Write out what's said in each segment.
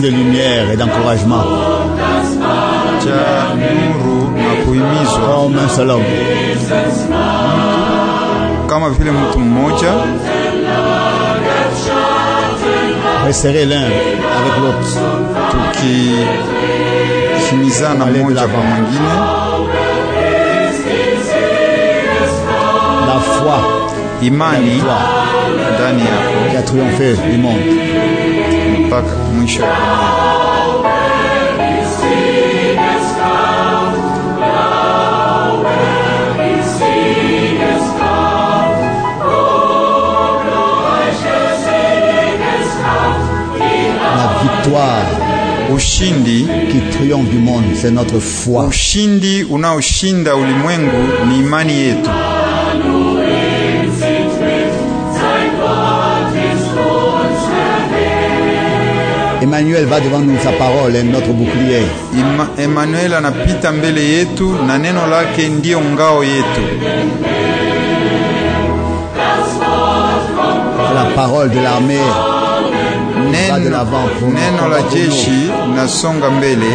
de lumière et d'encouragement. Comme un seul homme. Resserrer l'un avec l'autre. finissant dans le monde. La foi, imani Daniel, qui a triomphé du monde. La victoire, еще victoire qui triomphe du monde c'est notre foi Shindi, Shinda, unaoshinda Limwengu, ni imani Emmanuel va devant nous, sa parole est hein, notre bouclier. Emmanuel pita mbele yetu na neno lake ndio ngao yetu. La parole de l'armée neno, va de l'avant pour neno la mbele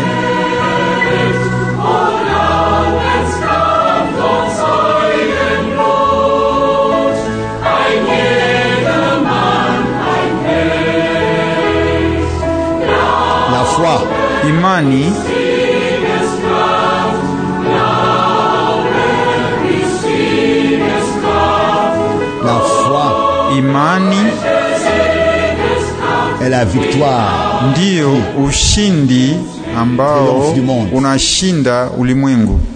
foi, imani la foi, imani et la victoire, ndiyo ushindi ambao unashinda ulimwengu.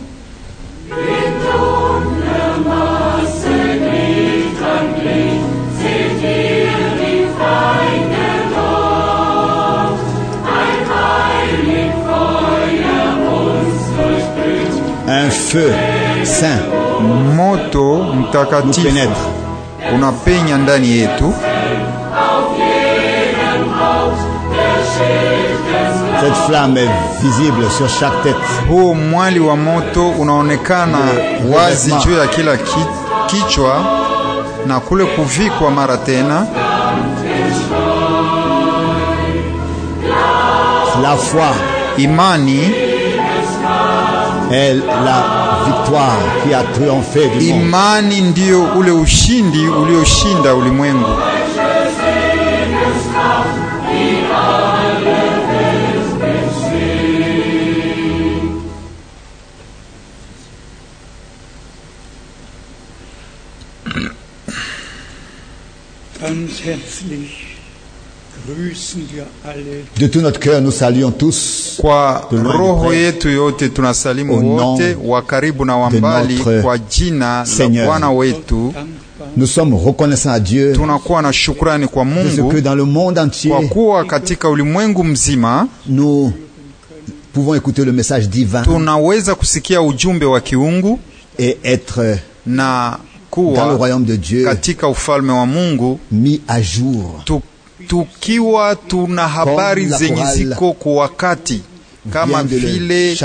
feu saint moto mtakatifu pénètre unapenya ndani yetu. Cette flamme est visible sur chaque tête. Huo mwali wa moto unaonekana wazi juu ya kila ki, kichwa na kule kuvikwa mara tena. La foi, imani est la victoire qui a triomphé du monde. Imani ndio ule ushindi ulioshinda ulimwengu. De tout notre cœur, nous saluons tous Kwa roho yetu yote tunasalimu wote wa karibu na wa mbali kwa jina la Bwana wetu. Nous sommes reconnaissants à Dieu. Tunakuwa na shukrani kwa Mungu que dans le monde entier, kwa kuwa katika ulimwengu mzima nous pouvons écouter le message divin, tunaweza kusikia ujumbe wa kiungu et être na kuwa dans le royaume de Dieu, katika ufalme wa Mungu mis à jour tukiwa tuna habari zenye ziko kwa wakati kama vile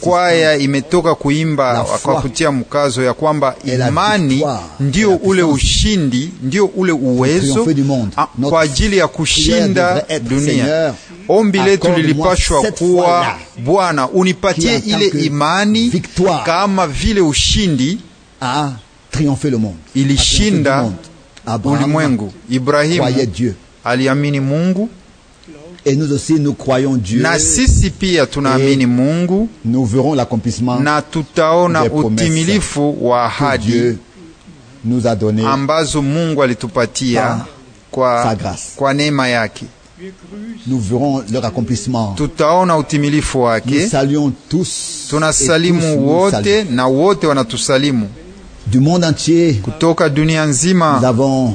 kwaya imetoka kuimba kwa kutia mkazo ya kwamba imani ndio ule ushindi, ndio ule uwezo kwa ajili ya kushinda dunia. Ombi letu lilipashwa kuwa Bwana, unipatie ile imani kama vile ushindi ilishinda ulimwengu. Ibrahimu aliamini Mungu Et nous aussi, nous croyons Dieu. Na sisi pia tunaamini Mungu. Nous verrons l'accomplissement. Na tutaona utimilifu wa ahadi. Dieu nous a donné. Ambazo Mungu alitupatia kwa sa grâce. Kwa neema yake. Nous verrons leur accomplissement. Tutaona utimilifu wake. Nous saluons tous. Tunasalimu wote na wote wanatusalimu. Du monde entier. Kutoka dunia nzima. Nous avons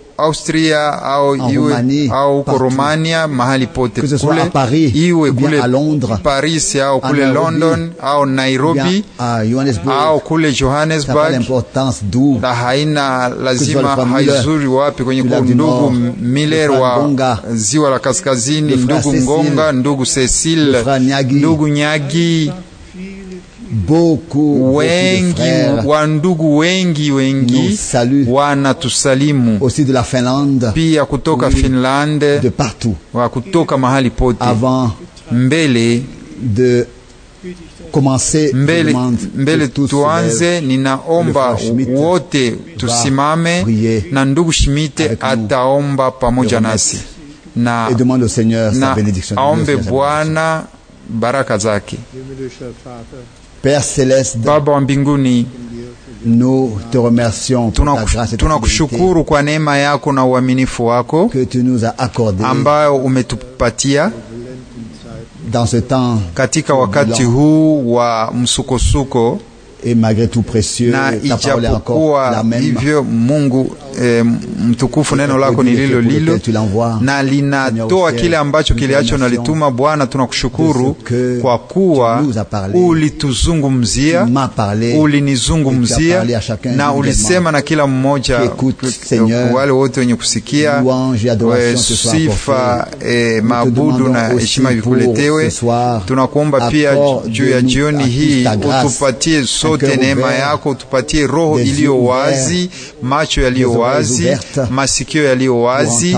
Austria au iwe au huko Romania, mahali pote kule, iwe kule Paris au kule London au Nairobi au kule Johannesburg, na haina lazima haizuri wapi kwenye kwa ndugu Miller wa ziwa la kaskazini, ndugu Ngonga, ndugu Cecil, ndugu Nyagi Beaucoup, wengi wandugu wengi wengi wanatusalimu aussi de la Finlande, pia kutoka oui, Finlande de partout, wa kutoka mahali pote avant mbele de commencer mbele, mbele tuanze, ninaomba wote tusimame na ndugu Shimite ataomba pamoja nasi na, na aombe Bwana baraka zake. Père céleste, Baba wa mbinguni, nous te remercions pour ta grâce et ta tunakushukuru kwa neema yako na uaminifu wako que tu nous as accordé ambayo umetupatia dans ce temps katika wakati huu wa msukosuko Et malgré tout précieux, na ijapokuwa hivyo Mungu e, mtukufu, neno lako ni lilo lilo na linatoa kile ambacho kiliacho nalituma. Bwana, tunakushukuru kwa kuwa ulituzungumzia, ulinizungumzia na ulisema na kila mmoja wale wote wenye kusikia we, eh, sifa eh, e, maabudu na heshima vikuletewe. Tunakuomba pia juu ya jioni hii utupatie so yote neema yako, utupatie roho iliyo wazi, macho yaliyo wazi, masikio yaliyo wazi,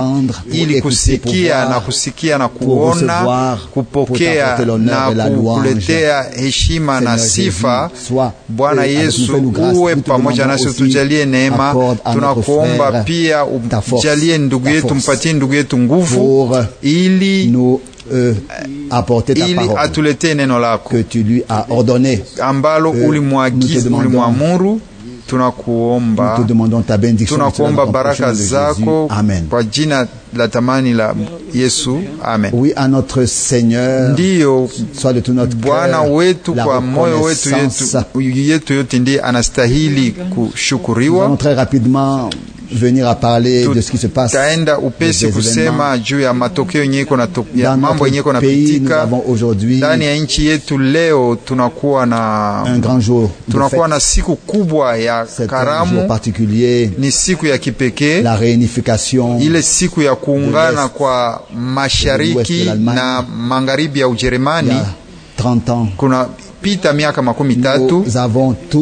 ili kusikia na kusikia na kuona, kupokea na kukuletea heshima na sifa. Bwana Yesu, uwe pamoja nasi, utujalie neema. Tunakuomba pia ujalie ndugu yetu, mpatie ndugu yetu nguvu ili euh, apporter ta Ili parole neno lako. que tu lui as ordonné. Ambalo euh, ulimwagiza ulimwamuru tunakuomba nous te demandons ta bénédiction tunakuomba baraka zako amen kwa jina la tamani la Yesu amen oui à notre Seigneur ndiyo soit de tout notre Bwana wetu kwa moyo wetu yetu yetu yote ndiye anastahili kushukuriwa très rapidement venir a parler de ce qui se passe. Taenda upesi kusema juu ya matokeo yenye iko na ya mambo yenye iko napitika ndani ya nchi yetu. Leo tunakuwa na un grand jour, tunakuwa na siku kubwa ya karamu particulier, ni siku ya kipekee, la reunification, ile siku ya kuungana kwa mashariki na magharibi ya Ujerumani. 30 ans. Kuna pita miaka makumi tatu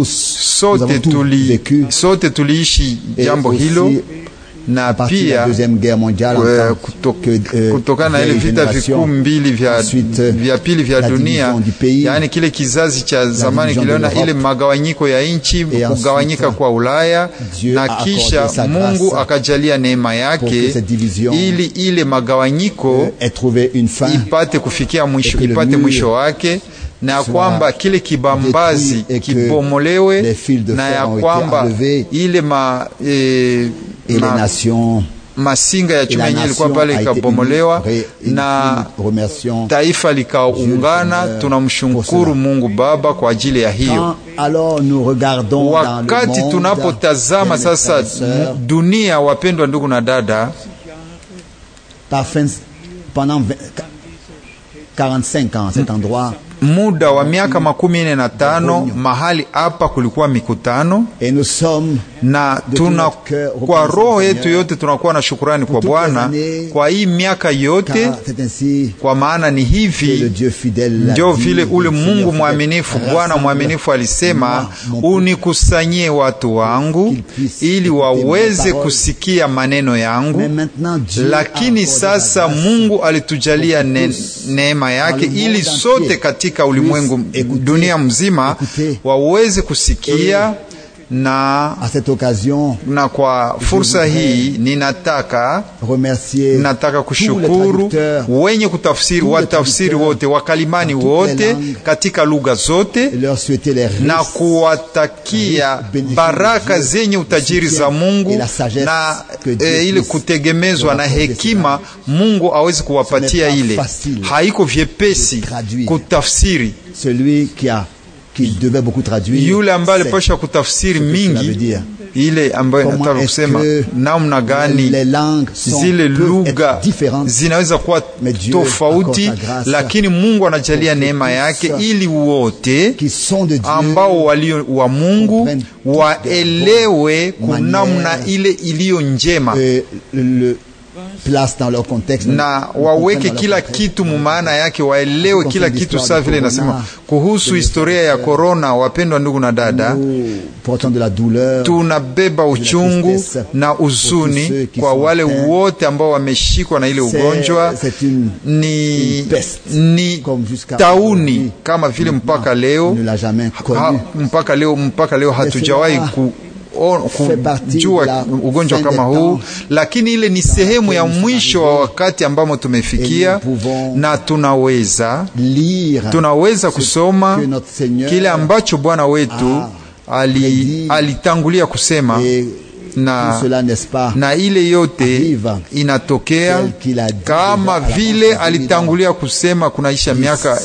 sote tuli, sote tuliishi jambo hilo na pia euh, kutokana na ile vita vikuu mbili vya, vya pili vya dunia, yaani kile kizazi cha zamani kiliona ile magawanyiko ya nchi, kugawanyika kwa Ulaya, na kisha Mungu akajalia neema yake ili ile magawanyiko ipate kufikia mwisho, ipate mwisho wake na ya kwamba kile kibambazi kibomolewe na ya kwamba ile ma, e, ma, masinga ya chuma yenyewe ilikuwa pale ikabomolewa na taifa likaungana. Tunamshukuru Mungu Baba kwa ajili ya hiyo. Wakati tunapotazama sasa dunia, wapendwa ndugu na dada, pendant 45 ans cet endroit muda wa miaka makumi ine na tano mahali hapa kulikuwa mikutano na tuna kwa roho yetu yote tunakuwa na shukurani kwa Bwana kwa hii miaka yote, kwa maana ni hivi ndio vile ule Mungu mwaminifu, Bwana mwaminifu alisema, unikusanyie watu wangu ili waweze kusikia maneno yangu. Lakini sasa Mungu alitujalia ne, neema yake ili sote katika ulimwengu eh, dunia mzima waweze kusikia na a cette occasion, na kwa fursa hii ninataka nataka kushukuru wenye kutafsiri watafsiri wote wakalimani wote katika lugha zote, na kuwatakia baraka zenye utajiri za Mungu na e, eh, ili kutegemezwa na hekima Mungu awezi kuwapatia. Ile haiko vyepesi kutafsiri qu'il devait beaucoup traduire, yule ambaye alipasha kutafsiri mingi ile ambayo inataka kusema namna gani zile lugha zinaweza kuwa tofauti, lakini Mungu anajalia neema yake ili wote ambao walio wa Mungu waelewe kunamna ile iliyo njema na waweke kila kitu mumaana yake, waelewe kila kitu saa vile nasema kuhusu historia ya korona. Wapendwa ndugu na dada, tunabeba uchungu na uzuni kwa wale wote ambao wameshikwa na ile ugonjwa. Ni, ni tauni kama vile mpaka leo, mpaka leo, mpaka leo hatujawahi kujua ugonjwa kama huu, lakini ile ni sehemu ya mwisho wa wakati ambamo tumefikia, na tunaweza tunaweza kusoma kile ambacho Bwana wetu alitangulia ali kusema et, na, na ile yote inatokea kama vile alitangulia kusema kunaisha miaka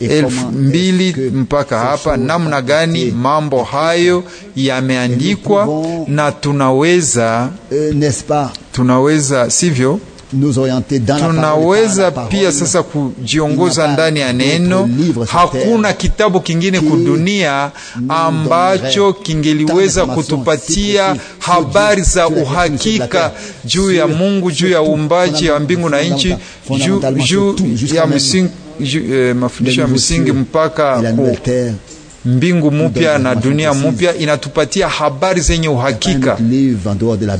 elfu mbili mpaka hapa, namna gani mambo hayo yameandikwa na tunaweza euh, tunaweza sivyo tunaweza pia sasa kujiongoza ndani ya neno. Hakuna kitabu kingine kudunia ambacho kingeliweza kutupatia habari za uhakika juu ya Mungu, juu ya uumbaji wa mbingu na nchi, juu ya eh, mafundisho ya msingi mpaka mbingu mpya na dunia mpya inatupatia habari zenye uhakika.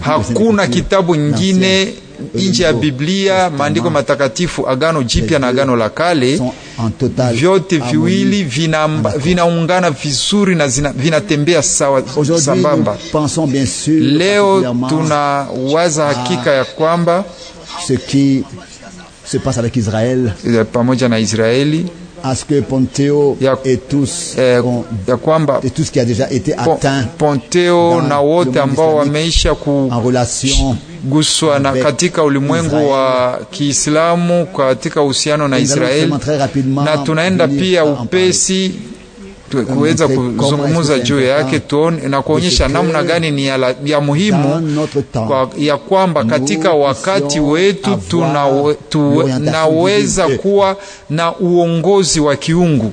Hakuna kitabu nyingine nje ya Biblia, maandiko matakatifu, Agano Jipya na Agano la Kale, vyote viwili vinaungana vina vizuri na vinatembea sawa sambamba. Leo tunawaza hakika ya kwamba eh, pamoja na Israeli ya, eh, ya kwamba Ponteo na wote ambao wameisha guswa na katika ulimwengu wa Kiislamu katika uhusiano na Israeli, na tunaenda pia upesi kuweza kuzungumza juu yake tuone, na kuonyesha namna gani ni ya, la, ya muhimu kwa, ya kwamba katika wakati wetu tunaweza kuwa na uongozi wa kiungu.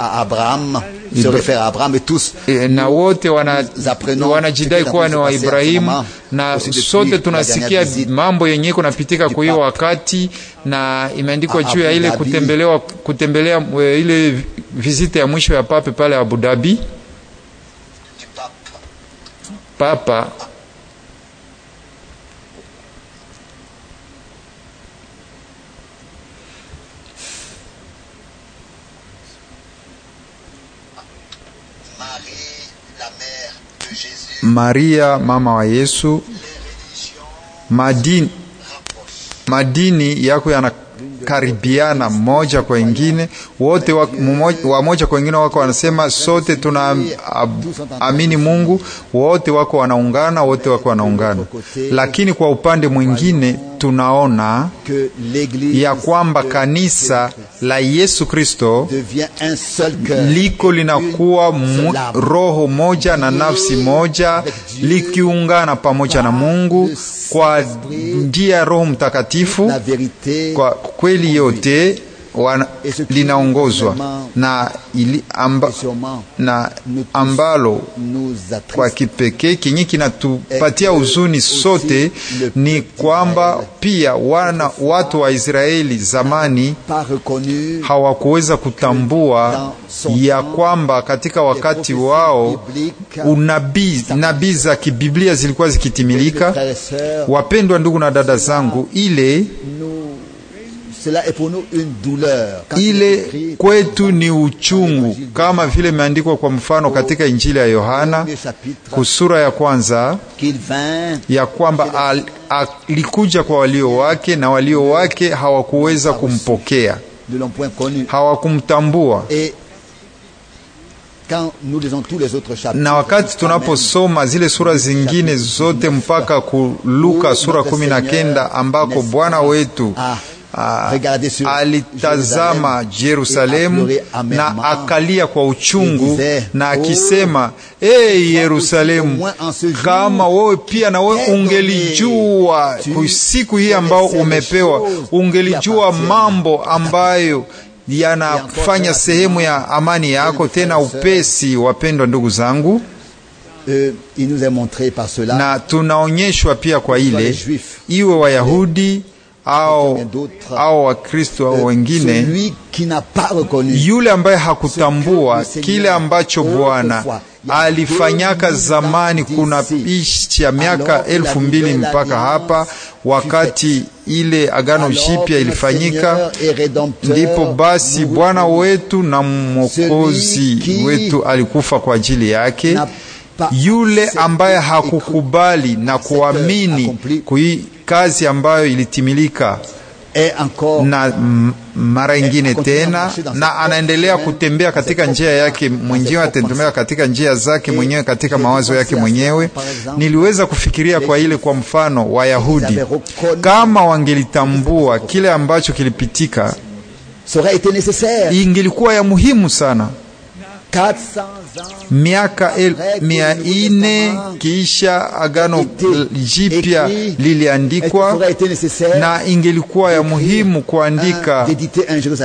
à Abraham, se réfère à Abraham et tous na wote wanajidai wana kuwa ni wa Ibrahimu, na sote tunasikia mambo yenye iko kwa hiyo wakati, na imeandikwa juu ya ile kutembelewa kutembelea eh, ile vizite ya mwisho ya pape pale Abu Dhabi papa Maria mama wa Yesu, madini, madini yako yanakaribiana moja kwa ingine, wote wa, wa moja kwa ingine wako wanasema sote tunaamini Mungu, wote wako wanaungana, wote wako wanaungana, lakini kwa upande mwingine tunaona ya kwamba kanisa la Yesu Kristo liko linakuwa roho moja na nafsi moja, likiungana pamoja na Mungu kwa njia ya Roho Mtakatifu kwa kweli yote linaongozwa na, amba, na ambalo kwa kipekee kinyi kinatupatia huzuni sote ni kwamba pia wana watu wa Israeli zamani hawakuweza kutambua ya kwamba katika wakati wao unabii nabii za kibiblia zilikuwa zikitimilika. Wapendwa ndugu na dada zangu, ile ile kwetu ni uchungu, kama vile imeandikwa kwa mfano katika Injili ya Yohana kusura ya kwanza ya kwamba alikuja kwa walio wake na walio wake hawakuweza kumpokea, hawakumtambua na wakati tunaposoma zile sura zingine zote mpaka kuluka sura kumi na kenda ambako Bwana wetu Ah, alitazama Yerusalemu na akalia kwa uchungu na oh, akisema, Ee Yerusalemu, kama wewe pia na wewe ungelijua siku hii ambao umepewa, ungelijua mambo ambayo yanafanya sehemu ya amani yako. Tena upesi, wapendwa ndugu zangu, euh, na tunaonyeshwa pia kwa ile iwe Wayahudi au au Wakristo au euh, wengine, yule ambaye hakutambua kile ambacho Bwana alifanyaka zamani, kuna picha miaka elfu mbili mpaka hapa, wakati ile agano jipya ilifanyika, ndipo basi Bwana wetu na mwokozi wetu alikufa kwa ajili yake. Yule ambaye hakukubali na kuamini kui kazi ambayo ilitimilika na mara ingine tena, na anaendelea kutembea katika njia yake mwenyewe, atatembea katika njia zake mwenyewe, katika mawazo yake mwenyewe. Niliweza kufikiria kwa ile, kwa mfano Wayahudi kama wangelitambua kile ambacho kilipitika, ingilikuwa ya muhimu sana miaka mia ine kiisha Agano Jipya liliandikwa, na ingelikuwa ya muhimu kuandika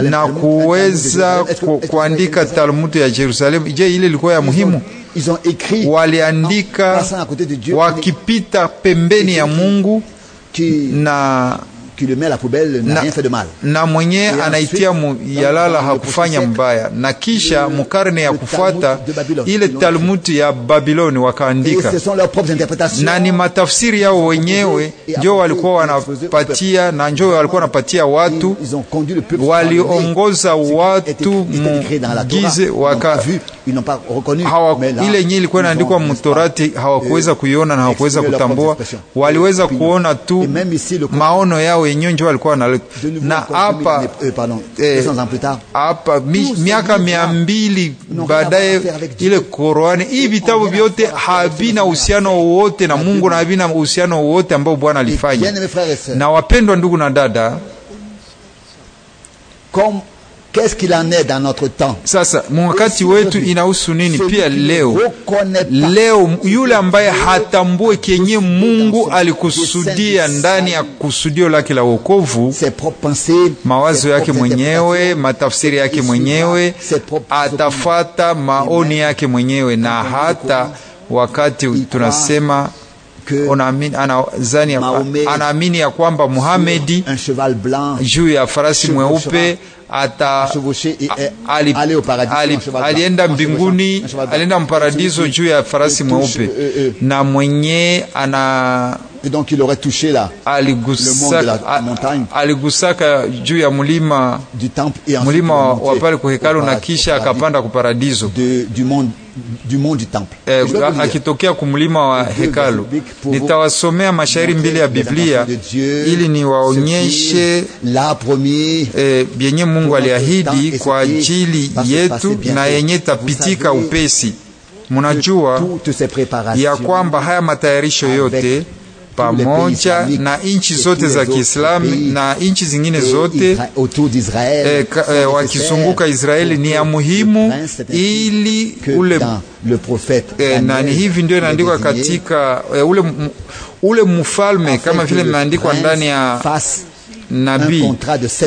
na kuweza kuandika Talmudu ya jerusalemu Je, ile ilikuwa ya muhimu? Waliandika wakipita pembeni ya Mungu na qui le met à la poubelle n'a rien fait de mal. Na mwenye anaitia yalala hakufanya mbaya, na kisha mukarne ya kufuata ile Talmud ya Babiloni wakaandika, na ni matafsiri yao wenyewe njo walikuwa wanapatia na njo walikuwa wanapatia watu, waliongoza watu gize waka hawa, ile nyi ilikuwa inaandikwa mtorati hawakuweza kuiona na hawakuweza kutambua, waliweza kuona tu maono yao wenyewe walikuwa na na hapa euh, eh, hapa miaka mia mbili baadaye ile Korani. Hii vitabu vyote havina uhusiano wote na Mungu na havina uhusiano wote ambao Bwana alifanya. Na wapendwa ndugu na dada Qu'est-ce qu'il en est dans notre temps? Sasa mwakati wetu inahusu nini? Pia leo leo, yule ambaye hatambue kenye Mungu alikusudia ndani ya kusudio lake la wokovu, mawazo yake mwenyewe, matafsiri yake mwenyewe, atafata maoni yake mwenyewe, na hata wakati tunasema anaamini ana, ana ya kwamba Muhamedi juu ya farasi mweupe ata e, alienda mbinguni, alienda mparadiso juu ya farasi e, e, mweupe na mwenye ana aligusaka juu ya mulima mulima wa pale kuhekalu na kisha akapanda kuparadiso du mont du temple. Eh, akitokea kumlima wa hekalu, nitawasomea mashairi mbili ya Biblia ili niwaonyeshe eh, bienye Mungu aliahidi kwa ajili yetu na yenye tapitika upesi. Munajua ya kwamba haya matayarisho yote pamoja na nchi zote za Kiislamu na nchi zingine euh, zote eh, eh, wakizunguka Israeli ni ya muhimu, ili ule eh, nani hivi ndio inaandikwa katika eh, ule, ule mfalme kama vile imeandikwa ndani ya nabii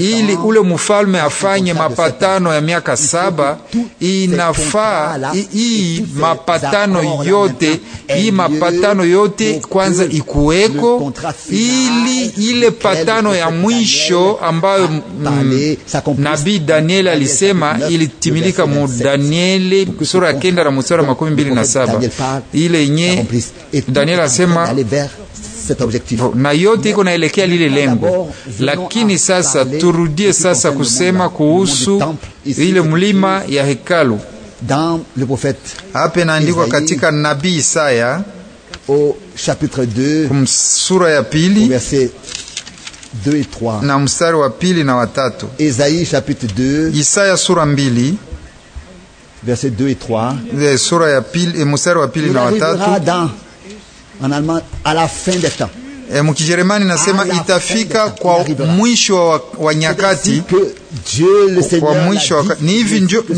ili ule mfalme afanye mapatano ya miaka saba. Inafaa hii mapatano yote, hii mapatano yote kwanza ikuweko, ili ile patano ya mwisho ambayo nabi nabii Danieli alisema ilitimilika mu Danieli sura ya kenda na mstari makumi mbili na saba ile yenye Daniel asema na yote iko naelekea lile lengo. Lakini sasa turudie sasa kusema kuhusu ile mlima ya hekalu hapa inaandikwa katika nabii Isaya sura ya pili na mstari wa pili na watatu. Isaya sura mbili eh, sura ya pili eh, mstari wa pili na watatu en allemand à la fin des temps E, eh, mkijeremani nasema itafika kwa mwisho wa nyakati, kwa mwisho wa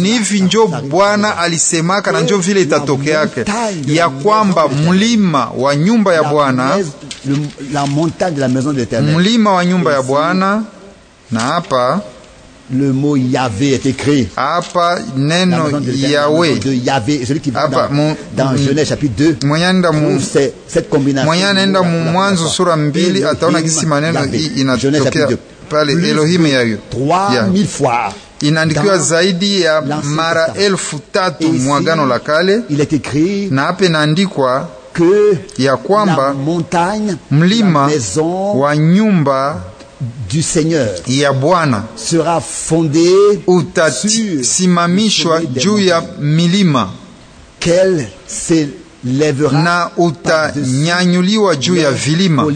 ni hivi njo Bwana alisemaka na njo vile itatokeake, ya kwamba mlima wa nyumba ya Bwana, mlima wa nyumba ya Bwana na hapa le mot Yahvé est écrit. Hapa neno Yahweh. De Yahvé, celui qui Apa, dans, mon, dans Genèse chapitre 2. Mwenyeenda mu cette combinaison. Mwenyeenda mu Mwanzo sura mbili ataona jinsi maneno hii inatokea pale Elohim Yahweh. 3000 fois inaandikiwa zaidi ya mara elfu tatu mwagano la kale, na hapa inaandikwa ya kwamba mlima wa nyumba du Seigneur ya Bwana sera fondée utasimamishwa juu ya milima qu'elle s'élèvera na utanyanyuliwa juu ya vilima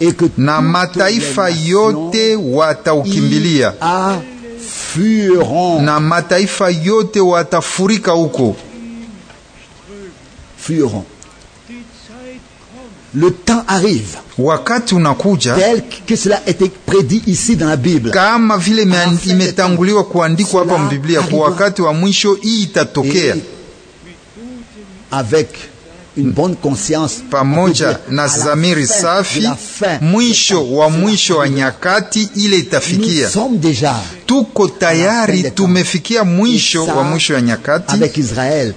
et que na mataifa yote wataukimbilia na mataifa yote watafurika huko le temps arrive wakati unakuja tel que cela était prédit ici dans la bible kama vile imetanguliwa kuandikwa hapa mbiblia kwa wakati wa mwisho hii itatokea avec Une bonne conscience pamoja na zamiri safi, mwisho wa mwisho wa nyakati ile itafikia. Tuko tayari, tumefikia mwisho wa mwisho wa nyakati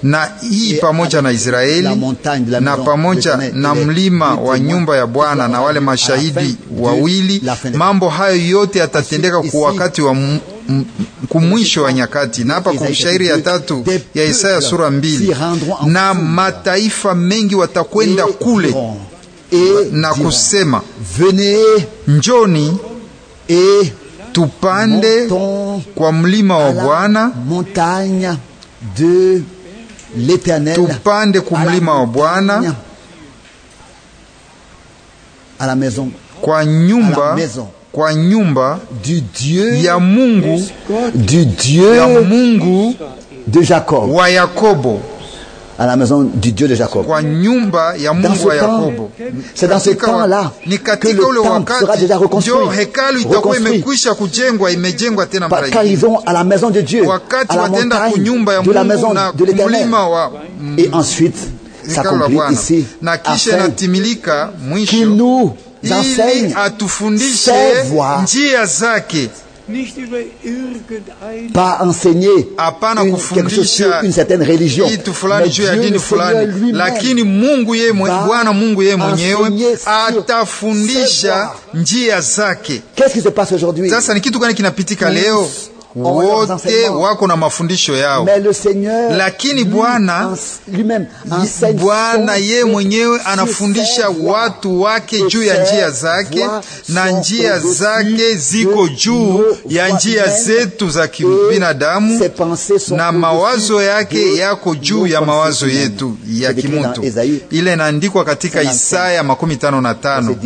na hii pamoja na Israeli na pamoja na mlima wa nyumba ya Bwana na wale mashahidi wawili. Mambo hayo yote yatatendeka kwa wakati wa kumwisho wa nyakati. Na hapa kwa ya tatu ya Isaya sura mbili, na mataifa mengi watakwenda kule na kusema, njoni tupande kwa mlima wa Bwana, tupande mlima wa Bwana, kwa nyumba kwa nyumba du Dieu ya Mungu du Dieu ya Mungu de Jacob wa Yakobo à la maison du Dieu de Jacob. Kwa nyumba ya Mungu wa Yakobo. C'est dans ce temps-là que le temple sera déjà reconstruit. reconstruit itakuwa imekwisha kujengwa Ils vont à la maison de Dieu, à la montagne de la maison de l'éternel et ensuite s'accomplit ici na kisha inatimilika ili atufundishe njia pas enseigner une, quelque chose une certaine religion Mais Dieu Qu'est-ce qui se passe aujourd'hui? wote wako na mafundisho yao, lakini Bwana Bwana ye mwenyewe anafundisha watu wake juu ya njia zake, na njia zake ziko juu ya njia zetu za kibinadamu, na mawazo yake yako juu ya mawazo yetu ya kimutu. Ile inaandikwa katika Isaya makumi tano na tano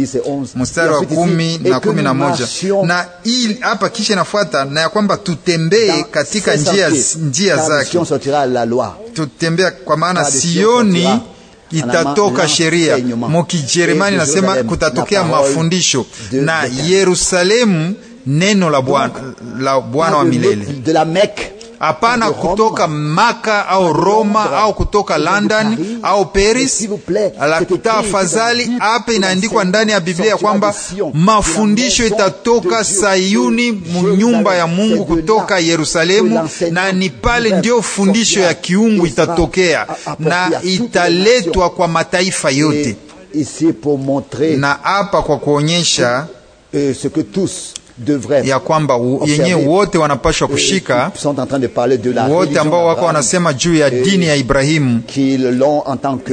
mstari wa kumi na kumi na moja na hapa, kisha inafuata na ya kwamba tu tutembee katika njia, njia zake, tutembea kwa maana Sioni itatoka sheria. Mukijerumani nasema kutatokea mafundisho, na Yerusalemu neno la Bwana la Bwana wa milele hapana kutoka Maka au Roma au kutoka London au Paris. Tafadhali, hapa inaandikwa ndani ya Biblia kwamba mafundisho itatoka Sayuni, munyumba ya Mungu, kutoka Yerusalemu, na ni pale ndio fundisho ya kiungu itatokea na italetwa kwa mataifa yote, na hapa kwa kuonyesha ya kwamba yenye wote wanapashwa kushika, wote ambao wako wanasema juu ya dini ya Ibrahimu,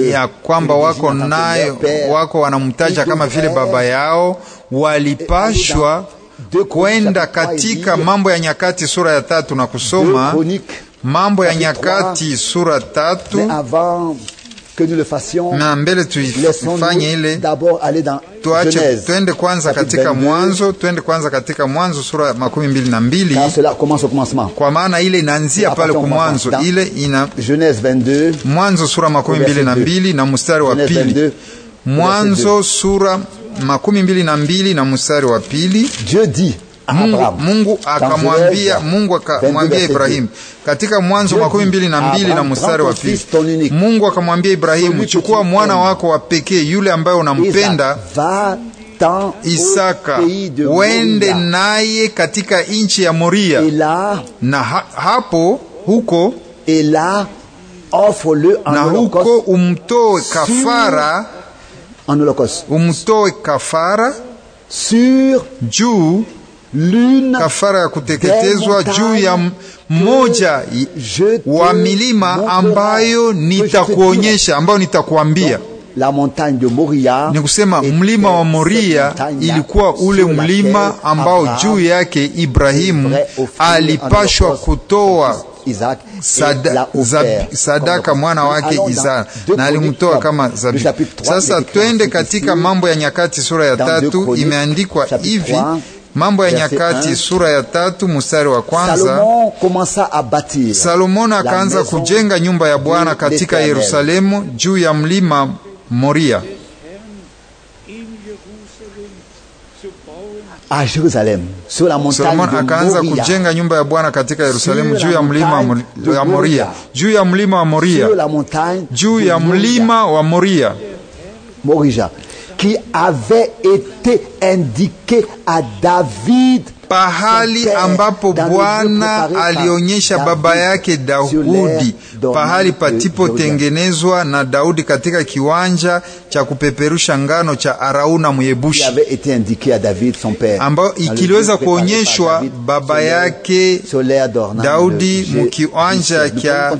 ya kwamba wako nayo, wako wanamtaja kama vile baba yao, walipashwa kwenda katika Mambo ya Nyakati sura ya tatu na kusoma Mambo ya Nyakati sura tatu que nous le fassions, na mbele tuifanye ile aller dans tuache, twende kwanza katika Mwanzo, twende kwanza katika Mwanzo sura makumi mbili na mbili kwa maana ile inaanzia pale mwanzo ile ina Mwanzo sura makumi mbili na mbili na mstari wa pili Mwanzo sura makumi mbili na mbili na mstari wa pili Dieu dit Mungu akamwambia Mungu akamwambia Ibrahimu katika Mwanzo makumi mbili na mbili na mstari wa pili, Mungu akamwambia Ibrahimu, chukua mwana wako wa pekee yule ambaye unampenda Isaka wende naye katika nchi ya Moria la, na ha, hapo huko la, na huko umtoe kafara umtoe kafara sur juu kafara ya kuteketezwa juu ya mmoja wa milima ambayo nitakuonyesha, ambayo nitakuambia ni kusema mlima wa Moria ilikuwa ule mlima ambao juu yake Ibrahimu alipashwa kutoa sada, zab, sadaka mwana wake Isaka na alimtoa kama zabi Sasa twende katika Mambo ya Nyakati sura ya tatu, imeandikwa hivi Mambo ya Nyakati sura ya tatu mstari wa kwanza. Salomono akaanza ah, kujenga nyumba ya Bwana katika Yerusalemu juu ya mlima Moria. Solomon akaanza kujenga nyumba ya Bwana katika Yerusalemu juu ya mlima wa Moria, juu ya mlima wa Moria, juu ya mlima wa Moria qui avait été indiqué à David pahali ambapo Bwana alionyesha baba yake Daudi, pahali patipotengenezwa na Daudi katika kiwanja cha kupeperusha ngano cha Arauna Myebushi, ambayo ikiliweza kuonyeshwa baba yake Daudi mukiwanja cha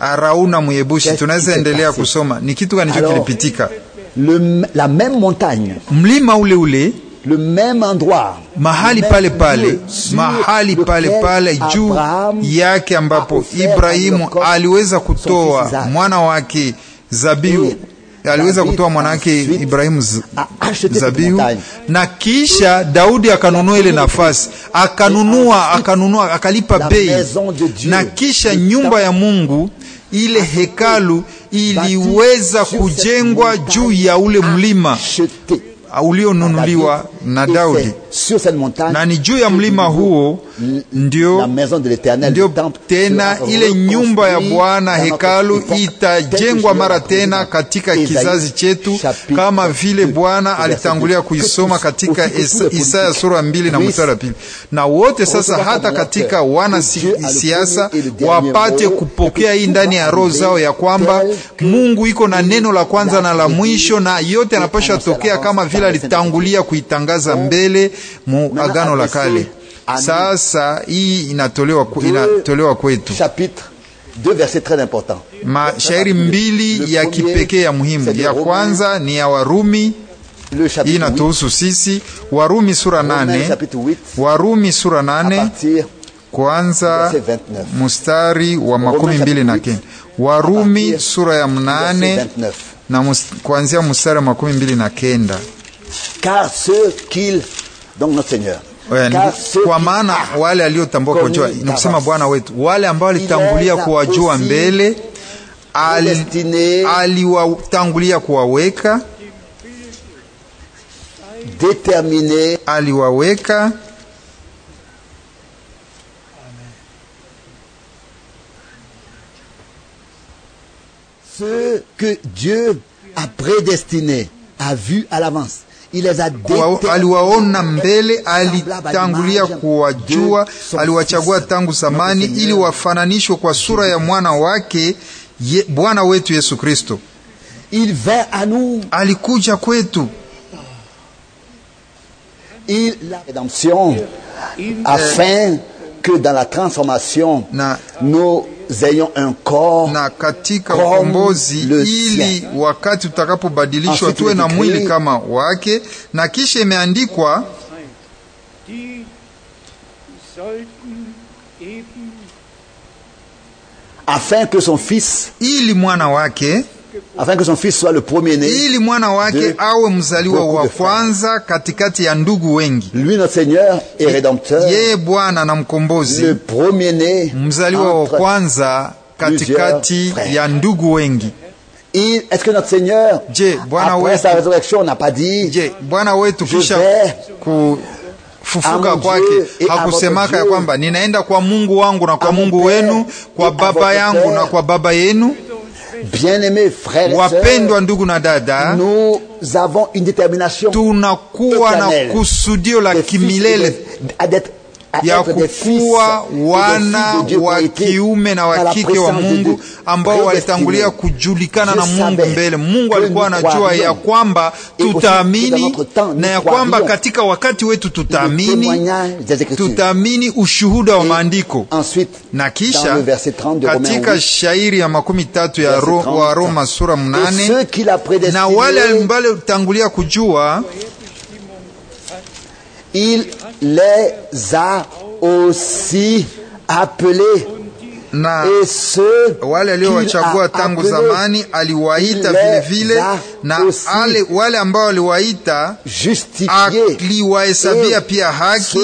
Arauna Myebushi. Tunaweza endelea kusoma ni kitu gani kilipitika le, la même montagne, mlima ule ule, le même endroit, mahali pale pale, mahali pale pale juu yake ambapo Ibrahimu aliweza kutoa mwana wake zabihu aliweza kutoa mwanawake Ibrahimu zabihu, na kisha Daudi akanunua ile nafasi, akanunua akanunua, akalipa bei, na kisha nyumba ya Mungu ile hekalu iliweza kujengwa juu ya ule mlima ah, ulionunuliwa na Daudi, na ni juu ya mlima huo ndio, ndio tena ile nyumba ya Bwana hekalu itajengwa mara tena katika kizazi chetu, kama vile Bwana alitangulia kuisoma katika Isaya sura mbili na mstari pili. Na wote sasa, hata katika wana siasa, wapate kupokea hii ndani ya roho zao ya kwamba Mungu iko na neno la kwanza na la mwisho, na yote anapasha tokea kama vile alitangulia kuitangaza kuangaza mbele mu Agano la Kale. Sasa hii inatolewa inatolewa kwetu mashairi mbili ya kipekee ya muhimu. Ya kwanza ni ya Warumi, hii inatuhusu sisi. Warumi sura nane, Warumi sura nane kwanza mustari wa makumi mbili na kenda. Warumi sura ya mnane na kuanzia mustari wa makumi mbili na kenda. car ceux qu'il donc notre Seigneur We, kwa maana wale aliotambua kujua, nikusema Bwana wetu, wale ambao alitangulia kuwajua mbele, aliwatangulia ali kuwaweka, aliwaweka ceux que Dieu a prédestiné a vu à l'avance aliwaona mbele, alitangulia kuwajua, aliwachagua tangu zamani, ili wafananishwe kwa sura ya mwana wake ye, Bwana wetu Yesu Kristo. Alikuja kwetu Il, la, afin que dans la transformation na, nous ayons un corps na katika ukombozi ili wakati tutakapobadilishwa tuwe na mwili kama wake na kisha imeandikwa afin que son fils ili mwana wake afin que son fils soit le premier né, ili mwana wake awe mzaliwa wa kwanza katikati ya ndugu wengi. Lui notre seigneur et redempteur, yeye Bwana na mkombozi, le premier né, mzaliwa wa kwanza katikati ya ndugu wengi. est-ce que notre Seigneur, je, après wetu, sa résurrection, n'a pas dit, je, Bwana wetu kisha kufufuka kwake hakusemaka ya kwamba ninaenda kwa Mungu wangu na kwa Mungu wenu, kwa Baba yangu na kwa Baba yenu? Bien-aimés frères et sœurs, dada, nous avons une détermination tunakuwa na kusudio la kimilele d'être ya kukuwa wana wa kiume na wa kike wa Mungu ambao walitangulia kujulikana na Mungu mbele. Mungu alikuwa anajua ya kwamba tutaamini na ya kwamba katika wakati wetu tutaamini, tutaamini ushuhuda wa maandiko. Na kisha katika shairi ya makumi tatu ya Roma sura mnane na wale ambao tangulia kujua il les a aussi appelés na wale aliowachagua tangu zamani aliwaita vile vile, na ale wale ambao aliwaita aliwahesabia pia haki,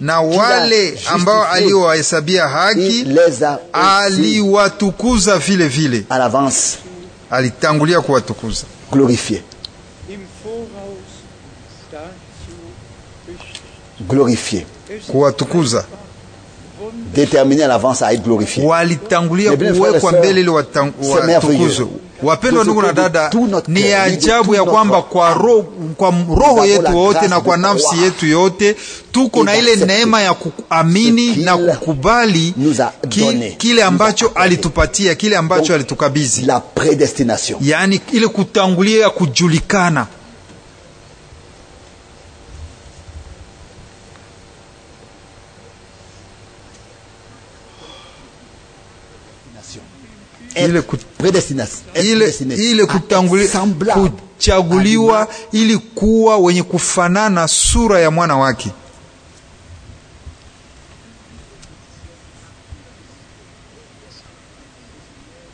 na wale ambao aliowahesabia haki aliwatukuza vile vile, alitangulia kuwatukuza glorifier glorifier, kuwatukuza, Déterminer à l'avance à être glorifié. Walitangulia kuwekwa mbele ili watukuzwe. Wapendwa ndugu na dada, ni ajabu ya kwamba kwa roho, kwa roho yetu wote na kwa nafsi yetu yote tuko na ile neema ya kuamini na kukubali ki, kile ambacho alitupatia, kile ambacho alitukabidhi, yaani ile kutangulia kujulikana ile, kuchaguliwa ili kuwa wenye kufanana sura ya mwana wake.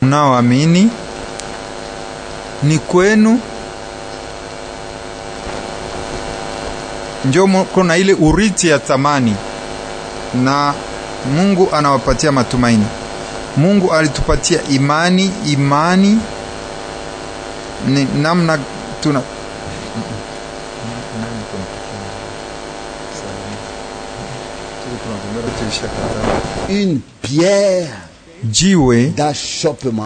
Mnaoamini ni kwenu njo mko na ile urithi ya thamani na Mungu anawapatia matumaini. Mungu alitupatia imani. Imani ni namna tuna une pierre jiwe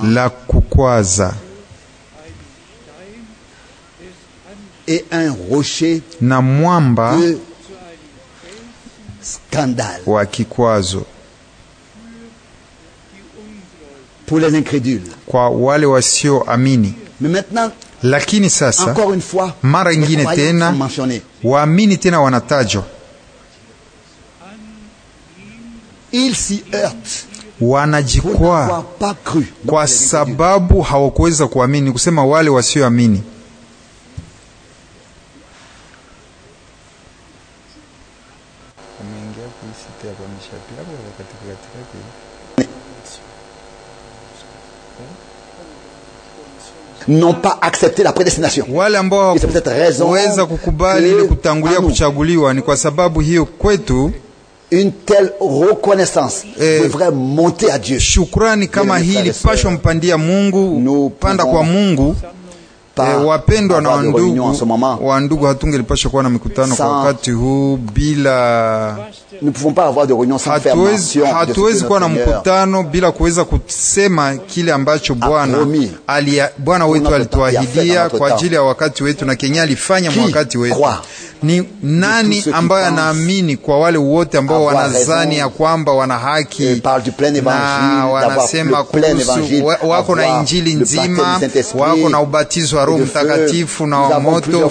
la kukwaza et un rocher na mwamba scandale wa kikwazo. pour les incrédules. Kwa wale wasioamini. Mais maintenant, lakini sasa encore une fois, mara ingine tena waamini tena wanatajwa, ils s'y wanajikwaa kwa sababu hawakuweza kuamini, kusema wale wasioamini n'ont pas accepté la prédestination. Wale ambao kukubali ile kutangulia kuchaguliwa, ni kwa sababu hiyo kwetu une telle reconnaissance eh, devrait monter à Dieu. Shukrani kama hii lipashwa mpandia Mungu, panda kwa Mungu eh, wapendwa na wandugu wandugu, hatungelipasha kuwa na mikutano kwa wakati huu bila, hatuwezi kuwa na mkutano bila kuweza kusema kile ambacho ah, Bwana Bwana wetu alituahidia kwa ajili ya wakati wetu na kenye alifanya mwakati wakati wetu. Ni nani ambaye anaamini? Kwa wale wote ambao wanazani ya kwamba wana haki eh, na wanasema kuhusu wako na injili nzima, wako na ubatizo Roho Mtakatifu na wa moto.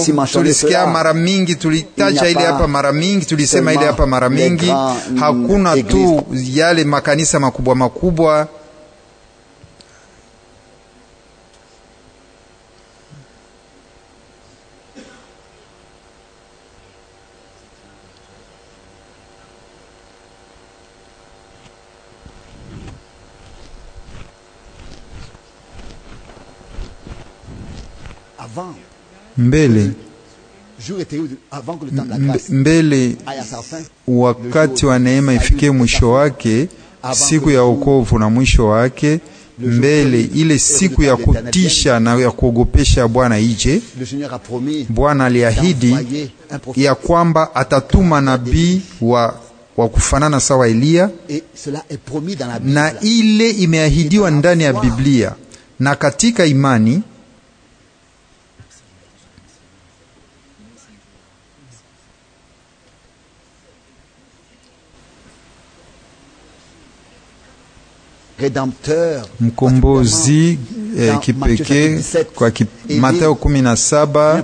Tuko tulisikia mara mingi, tulitaja ile hapa mara mingi, tulisema ile hapa mara mingi. Hakuna tu yale makanisa makubwa makubwa mbele mbele wakati wa neema ifikie mwisho wake, siku ya wokovu na mwisho wake mbele ile siku ya kutisha na ya kuogopesha Bwana ije. Bwana aliahidi ya kwamba atatuma nabii wa, wa kufanana sawa Eliya, na ile imeahidiwa ndani ya Biblia na katika imani rédempteur. Mkombozi eh, kipekee kwa kip, Mateo kumi na saba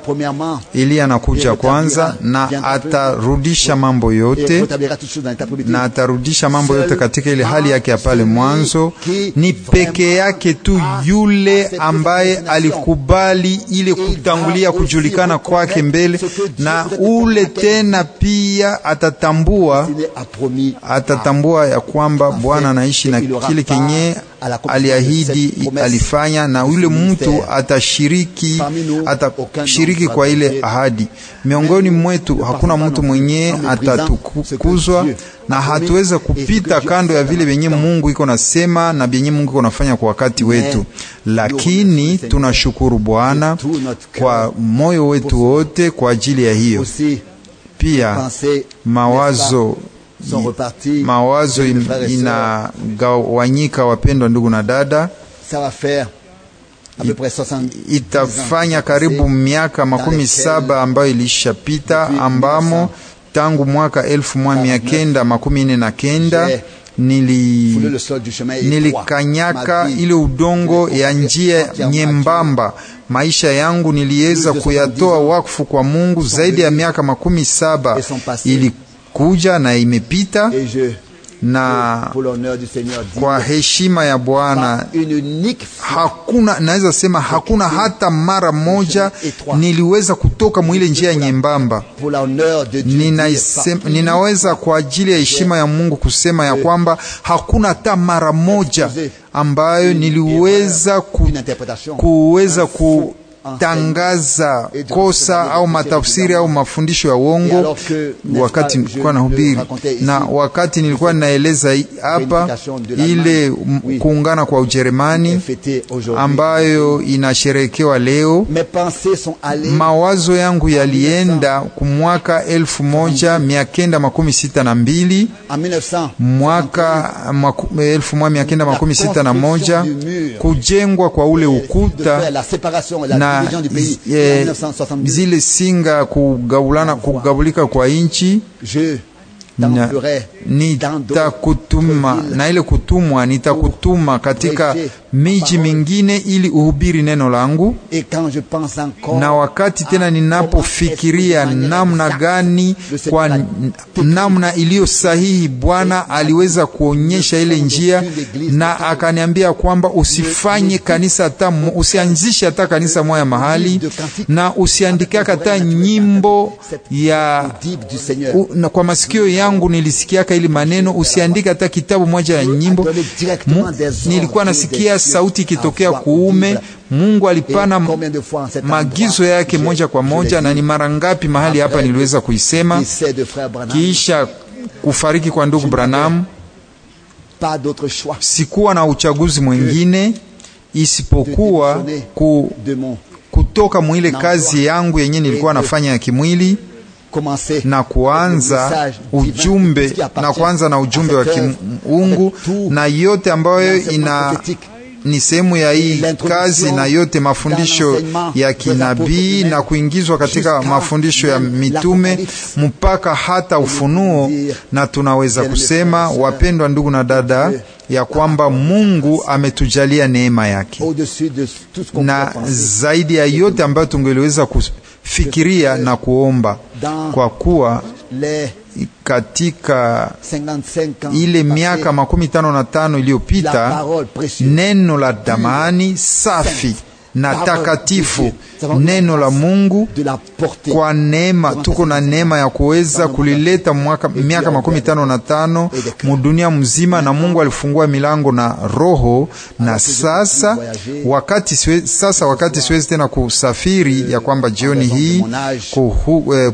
ili anakuja kwanza na atarudisha mambo yote, na atarudisha mambo yote katika ile hali yake ya pale mwanzo. Ni peke yake tu yule ambaye alikubali ile kutangulia kujulikana kwake mbele, na ule tena pia atatambua, atatambua ya kwamba Bwana anaishi na kile kenye aliahidi alifanya na yule mtu atashiriki, atashiriki kwa ile ahadi. Miongoni mwetu hakuna mtu mwenye atatukuzwa, na hatuweza kupita kando ya vile vyenye Mungu iko nasema na vyenye Mungu iko nafanya kwa wakati wetu, lakini tunashukuru Bwana kwa moyo wetu wote kwa ajili ya hiyo. Pia mawazo mawazo inagawanyika, wapendwa ndugu na dada itafanya karibu miaka makumi saba ambayo ilishapita ambamo tangu mwaka elfu mwa mia kenda makumi nne na kenda nilikanyaka nili ile udongo ya njia nyembamba. Maisha yangu niliweza kuyatoa wakfu kwa Mungu. Zaidi ya miaka makumi saba ilikuja na imepita na kwa heshima ya Bwana hakuna, naweza sema hakuna hata mara moja niliweza kutoka mwile njia ya nyembamba. Ninaweza kwa ajili ya heshima ya Mungu kusema ya kwamba hakuna hata mara moja ambayo niliweza ku, kuweza ku tangaza kosa au matafsiri au mafundisho ya uongo wakati nilikuwa nahubiri, na wakati nilikuwa naeleza hapa ile kuungana kwa Ujerumani ambayo inasherekewa leo, mawazo yangu yalienda kumwaka elfu moja mia kenda makumi sita na mbili mwaka elfu moja mia kenda makumi sita na moja kujengwa kwa ule ukuta na zile singa kugaulana kugabulika kwa inchi nitakutuma na ile kutumwa nitakutuma katika miji mingine ili uhubiri neno langu. Na wakati tena ninapofikiria namna gani, kwa namna iliyo sahihi, Bwana aliweza kuonyesha ile njia, na akaniambia kwamba usifanye kanisa hata, usianzishe hata kanisa moja mahali, na usiandike hata nyimbo ya u, na kwa masikio yangu nilisikiaka ili maneno, usiandike hata kitabu moja ya nyimbo. Nilikuwa nasikia sauti ikitokea kuume. Mungu alipana maagizo yake moja kwa moja, na ni mara ngapi mahali hapa niliweza kuisema kisha kufariki kwa ndugu Branham sikuwa na uchaguzi mwingine isipokuwa ku, kutoka mwile kazi yangu yenye nilikuwa nafanya ya kimwili na kuanza ujumbe na kuanza na ujumbe wa kiungu na yote ambayo ina ni sehemu ya hii kazi na yote mafundisho ya kinabii na kuingizwa katika mafundisho ya mitume mpaka hata ufunuo. Na tunaweza kusema, wapendwa ndugu na dada, ya kwamba Mungu ametujalia neema yake na zaidi ya yote ambayo tungeliweza kufikiria na kuomba, kwa kuwa katika ile miaka makumi tano na tano iliyopita, neno la damani mmh. safi na takatifu neno la Mungu. Kwa neema tuko na neema ya kuweza kulileta mwaka, miaka makumi tano na tano mudunia mzima, na Mungu alifungua milango na roho. Na sasa wakati siwezi, sasa wakati siwezi tena kusafiri ya kwamba jioni hii eh,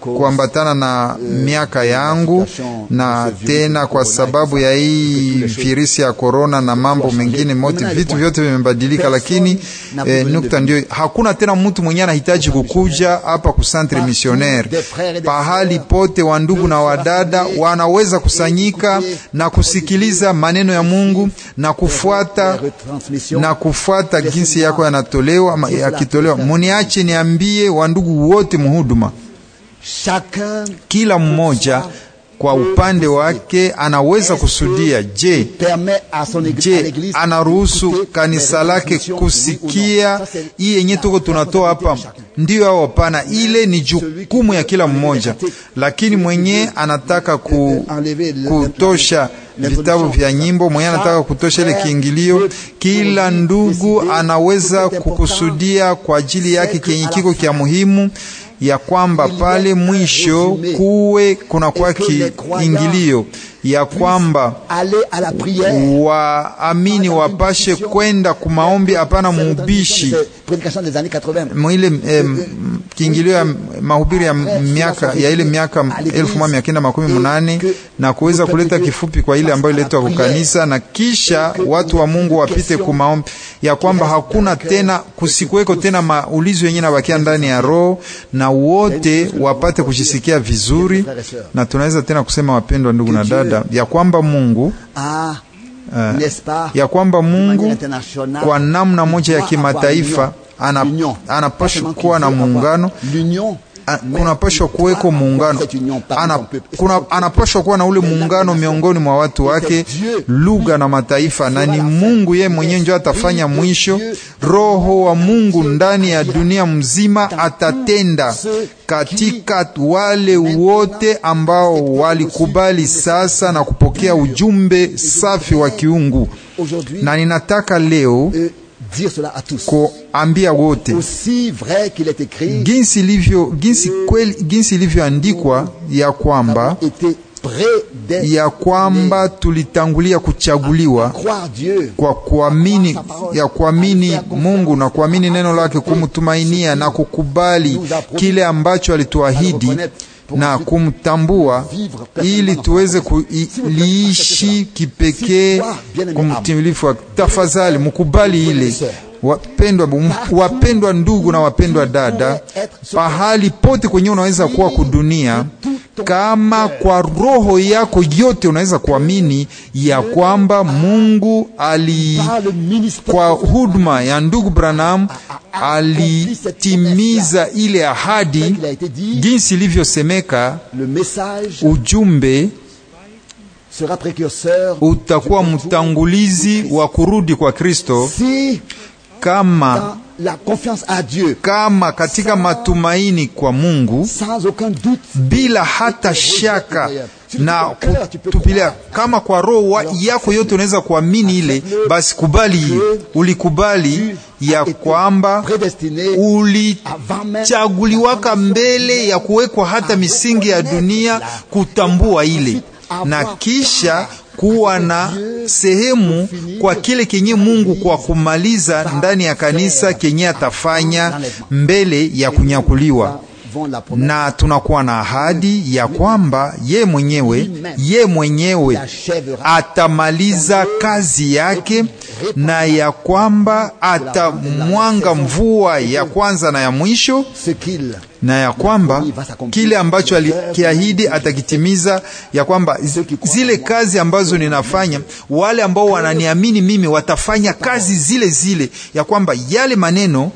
kuambatana na euh, miaka yangu na tena kwa sababu ya hii virisi ya korona na mambo mengine mote, vitu vyote vimebadilika, lakini eh, nukta ndio, hakuna tena mtu mwenye anahitaji kukuja hapa ku centre missionnaire. Pahali pote wandugu na wadada wanaweza kusanyika na kusikiliza maneno ya Mungu na kufuata na kufuata jinsi yako yanatolewa yakitolewa. Muniache niambie wandugu wote muhuduma, kila mmoja kwa upande wake anaweza kusudia, je, je anaruhusu kanisa lake kusikia hii yenye tuko tunatoa hapa, ndiyo au hapana? Ile ni jukumu ya kila mmoja, lakini mwenye anataka ku, kutosha vitabu vya nyimbo, mwenye anataka kutosha ile kiingilio, kila ndugu anaweza kukusudia kwa ajili yake kenye kiko kya muhimu ya kwamba pale mwisho kuwe kuna kwa kiingilio ya kwamba waamini wapashe kwenda kumaombi, hapana mubishi mwile eh, kiingilio ya mahubiri ya miaka ya ile miaka elfu moja mia kenda makumi munane na kuweza kuleta kifupi kwa ile ambayo iletwa kukanisa, na kisha watu wa Mungu wapite kumaombi, ya kwamba hakuna tena kusikuweko tena maulizo yenye nabakia ndani ya roho, na wote wapate kujisikia vizuri, na tunaweza tena kusema, wapendwa ndugu na dada sita ya kwamba Mungu ah, uh, ya kwamba Mungu kwa namna moja ya kimataifa anapaswa kuwa na muungano Ah, kunapashwa kuweko muungano ana, anapashwa kuwa na ule muungano miongoni mwa watu wake, lugha na mataifa, na ni Mungu ye mwenyewe ndio atafanya mwisho. Roho wa Mungu ndani ya dunia mzima atatenda katika wale wote ambao walikubali sasa na kupokea ujumbe safi wa kiungu, na ninataka leo Dire cela à tous. wote. Aussi vrai qu'il est écrit. Ginsi livyo ginsi kweli jinsi ilivyoandikwa ya kwamba ya kwamba tulitangulia kuchaguliwa kwa kuamini ya kuamini Mungu na kuamini neno lake, kumtumainia na kukubali kile ambacho alituahidi na kumtambua ili tuweze kuliishi kipekee kumtimilifu. Tafadhali mukubali ile Wapendwa, wapendwa ndugu na wapendwa dada, pahali pote kwenye unaweza kuwa kudunia, kama kwa roho yako yote unaweza kuamini ya kwamba Mungu ali, kwa huduma ya ndugu Branham alitimiza ile ahadi jinsi ilivyosemeka. Ujumbe utakuwa mtangulizi wa kurudi kwa Kristo kama la confiance à Dieu, kama katika matumaini kwa Mungu bila hata shaka na kutupilia, kama kwa roho yako yote unaweza kuamini ile, basi kubali, ulikubali ya kwamba ulichaguliwaka mbele ya kuwekwa hata misingi ya dunia kutambua ile na kisha kuwa na sehemu kwa kile kenye Mungu kwa kumaliza ndani ya kanisa kenye atafanya mbele ya kunyakuliwa na tunakuwa na ahadi ya kwamba ye mwenyewe ye mwenyewe atamaliza kazi yake, na ya kwamba atamwanga mvua ya kwanza na ya mwisho, na ya kwamba kile ambacho alikiahidi atakitimiza, ya kwamba zile kazi ambazo ninafanya, wale ambao wananiamini mimi watafanya kazi zile zile, ya kwamba yale maneno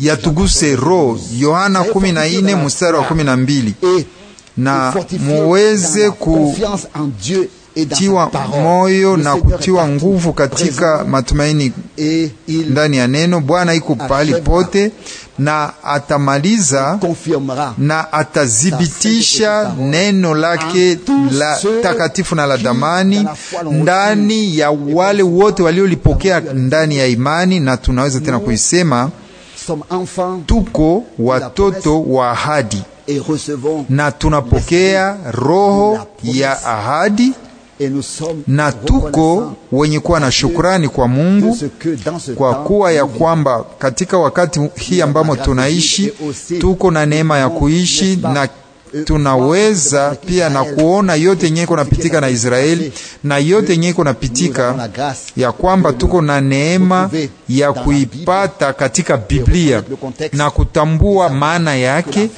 yatuguse roho, Yohana 14 mstari wa 12, na muweze kutiwa moyo na kutiwa nguvu katika matumaini ndani ya neno. Bwana iko pahali pote na atamaliza na atazibitisha neno lake la takatifu na la damani ndani ya wale wote waliolipokea ndani ya imani, na tunaweza tena kuisema tuko watoto wa ahadi na tunapokea roho ya ahadi na tuko wenye kuwa na shukrani kwa Mungu kwa kuwa ya kwamba katika wakati hii ambamo tunaishi tuko na neema ya kuishi na tunaweza pia na kuona yote yenye iko napitika na Israeli na yote yenye iko napitika, ya kwamba tuko na neema ya kuipata katika Biblia na kutambua maana yake,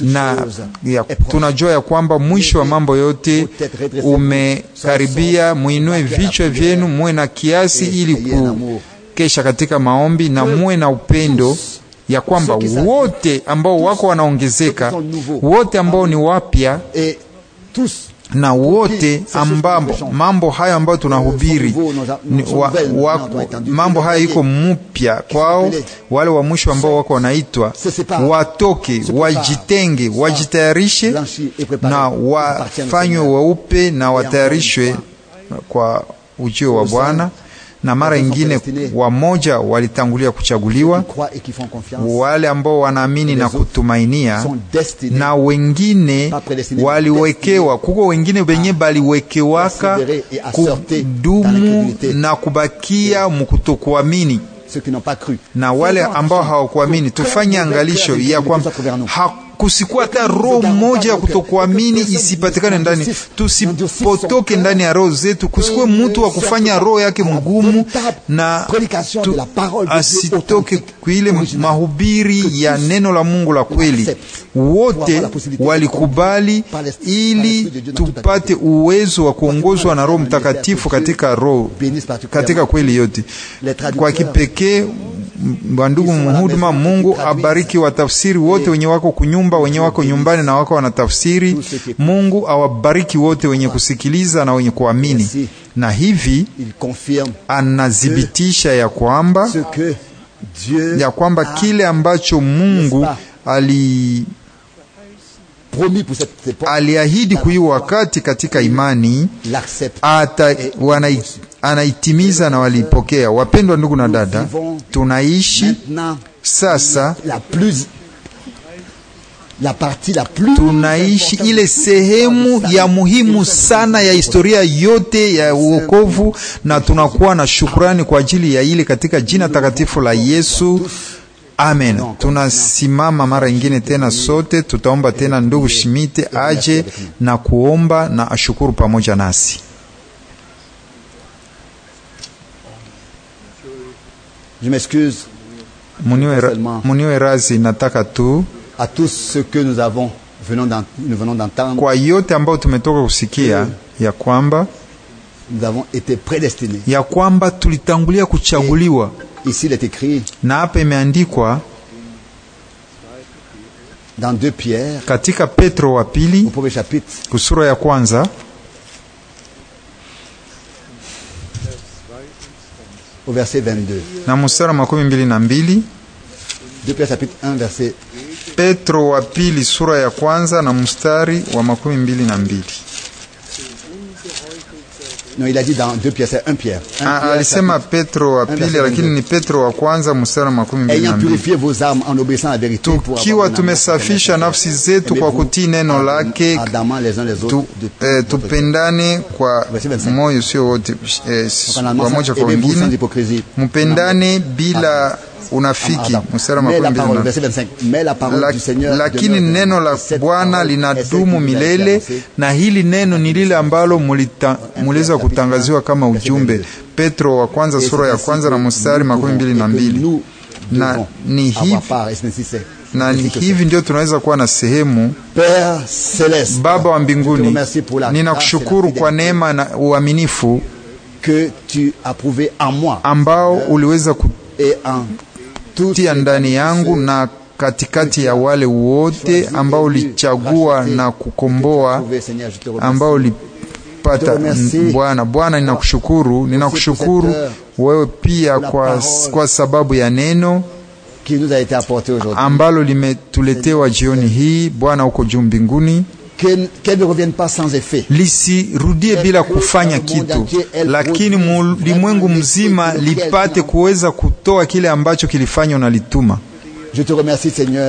na ya, tunajua ya kwamba mwisho wa mambo yote umekaribia. Mwinue vichwa vyenu, muwe na kiasi ili kukesha katika maombi na muwe na upendo ya kwamba wote ambao wako wanaongezeka, wote ambao ni wapya na wote ambao mambo hayo ambayo tunahubiri wa, wa, mambo hayo iko mpya kwao, wale wa mwisho ambao wako wanaitwa watoke, wajitenge, wajitayarishe na wafanywe weupe na watayarishwe kwa ujio wa Bwana na mara ingine wamoja walitangulia kuchaguliwa, wale ambao wanaamini na kutumainia, na wengine waliwekewa, kuko wengine benye baliwekewaka kudumu na kubakia mukutokuamini na wale ambao hawakuamini. Tufanye angalisho ya kwamba kusikuwa hata roho moja ya kutokuamini isipatikane ndani, tusipotoke ndani ya roho zetu, kusikuwe mtu wa kufanya roho yake mgumu na tu, asitoke kuile mahubiri ya neno la Mungu la kweli. Wote walikubali ili tupate uwezo wa kuongozwa na Roho Mtakatifu katika roho, katika kweli yote. Kwa kipekee, wandugu mhuduma, Mungu abariki watafsiri wote wenye wako kunyumba kwamba wenye wako nyumbani na wako wanatafsiri. Mungu awabariki wote wenye kusikiliza na wenye kuamini, na hivi anathibitisha ya kwamba ya kwamba kile ambacho Mungu ali aliahidi kuiwa wakati katika imani ata anaitimiza na walipokea. Wapendwa ndugu na dada, tunaishi sasa la partie la plus tunaishi ile sehemu ya muhimu sana ya historia yote ya uokovu, na tunakuwa na shukrani kwa ajili ya ile katika jina takatifu la Yesu. Amen. Tunasimama mara ingine tena sote, tutaomba tena ndugu Shimite aje na kuomba na ashukuru pamoja nasi. Muniwe razi, nataka tu à tout ce que nous avons venons nous venons d'entendre. Kwa yote ambayo tumetoka kusikia ya kwamba nous avons été prédestinés. Ya kwamba tulitangulia kuchaguliwa. Et ici il est écrit. Na hapa imeandikwa dans deux Pierre katika Petro wa pili kusura ya kwanza au verset 22. Na mstari wa mbili na mbili. 2 Pierre chapitre 1 verset Petro wa pili sura ya kwanza na mstari wa makumi mbili na mbili. Non, il a dit dans deux pièces, un Pierre. Un ah, Pierre alisema Petro wa pili lakini ni Petro wa kwanza mstari wa makumi mbili na mbili. Vos âmes en obéissant à la vérité tukiwa tumesafisha nafsi zetu kwa kutii neno lake tu, eh, tupendane kwa moyo sio wote eh, wamoja kwa wengine mpendane bila unafiki. Mstari lakini neno la Bwana linadumu milele, na hili neno ni lile ambalo muliweza kutangaziwa kama ujumbe. Petro wa kwanza sura ya kwanza na mstari makumi mbili na mbili na ni hivi na ni hivi ndio tunaweza kuwa na sehemu. Baba wa mbinguni, ninakushukuru kwa neema na uaminifu ambao uliweza ku kutia ndani yangu na katikati ya wale wote ambao ulichagua na kukomboa ambao ulipata. Bwana, Bwana, ninakushukuru, ninakushukuru wewe pia kwa, kwa sababu ya neno ambalo limetuletewa jioni hii. Bwana, uko juu mbinguni lisirudie bila kufanya kitu, lakini mulimwengu mzima lipate kuweza kutoa kile ambacho kilifanywa na lituma.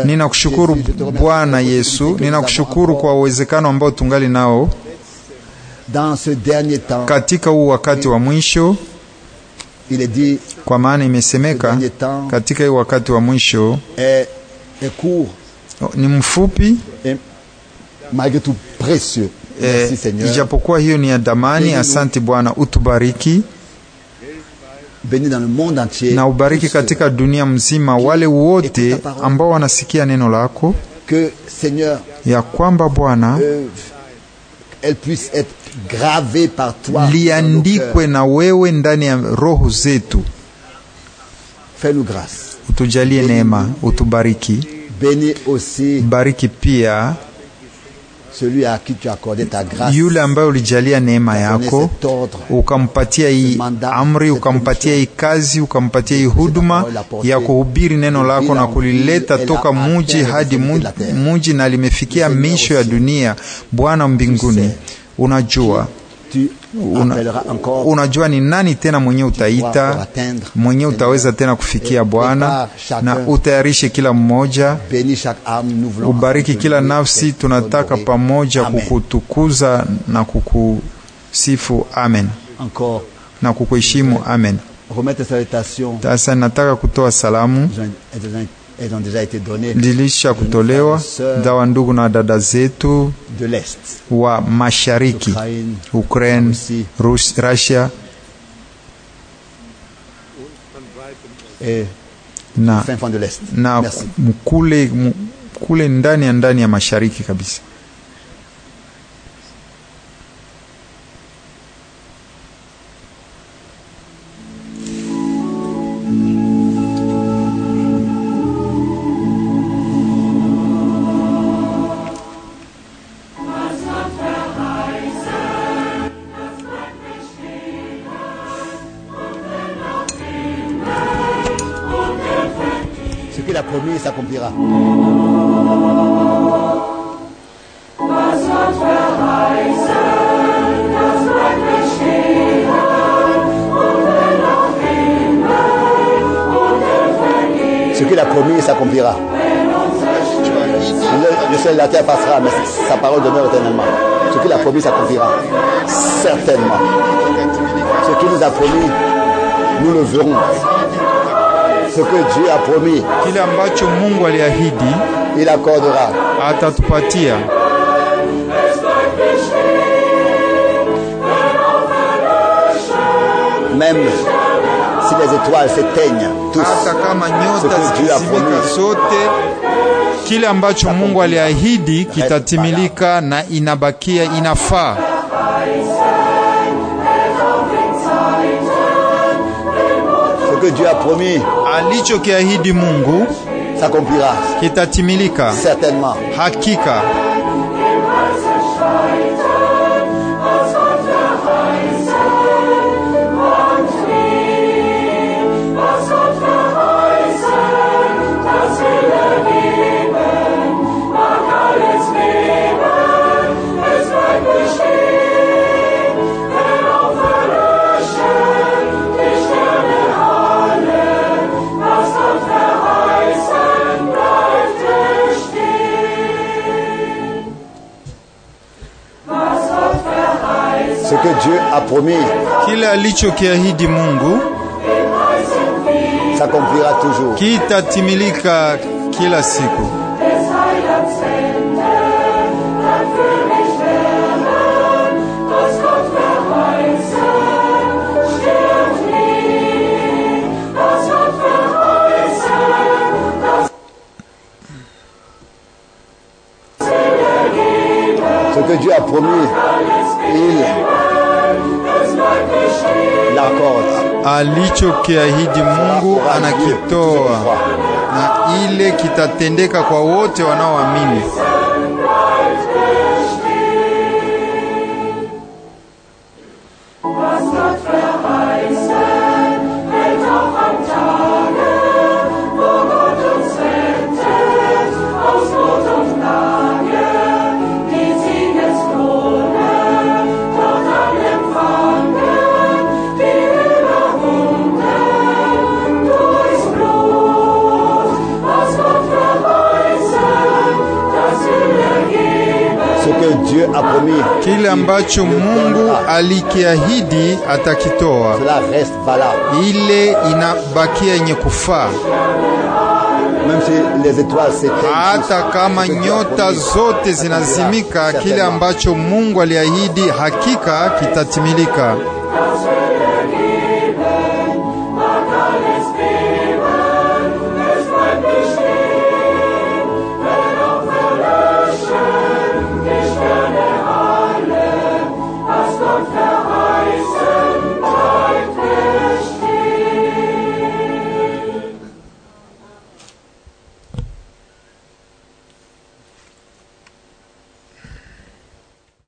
Ninakushukuru Bwana Yesu, ninakushukuru kwa uwezekano ambao tungali nao katika huu wakati wa mwisho, kwa maana imesemeka katika huu wakati wa mwisho ni mfupi malgré tout précieux. Eh, Merci, Seigneur. Ijapokuwa hiyo ni ya dhamani, asante Bwana, utubariki dans le monde entier, na ubariki katika dunia mzima wale wote ambao wanasikia neno lako que, Seigneur, ya kwamba Bwana euh, liandikwe na wewe ndani ya roho zetu. Fais-nous grâce. Utujalie neema, utubariki, bariki pia celui à qui tu accordais ta grâce, yule ambaye ulijalia neema yako ukampatia hii amri ukampatia hii kazi ukampatia hii huduma ya kuhubiri neno lako na kulileta toka muji hadi muji na limefikia misho ya dunia. Bwana mbinguni, unajua unajua ni nani tena mwenye utaita mwenye utaweza tena kufikia Bwana, na utayarishe kila mmoja, ubariki kila nafsi. Tunataka pamoja kukutukuza na kukusifu, amen, na kukuheshimu, amen. Sasa nataka kutoa salamu lilisha kutolewa dawa ndugu na dada zetu wa mashariki Ukraine, Russia na, na kule, kule ndani ya ndani ya mashariki kabisa. ce qu'il a promis s'accomplira. Le, sais que la terre passera, mais sa parole demeure éternellement. Ce qu'il a promis s'accomplira. Certainement. Ce qu'il nous a promis, nous le verrons. Ce que Dieu a promis, il accordera. Même hata kama nyota zikizimika zote, kile ambacho Mungu aliahidi kitatimilika na inabakia, inafaa alichokiahidi Mungu kitatimilika hakika. ce que Dieu a promis. Kile alichokiahidi Mungu s'accomplira toujours. Kitatimilika kila siku. alichokiahidi Mungu anakitoa, na ile kitatendeka kwa wote wanaoamini. ambacho Mungu alikiahidi atakitoa, ile inabakia yenye kufaa hata kama nyota zote zinazimika, kile ambacho Mungu aliahidi hakika kitatimilika.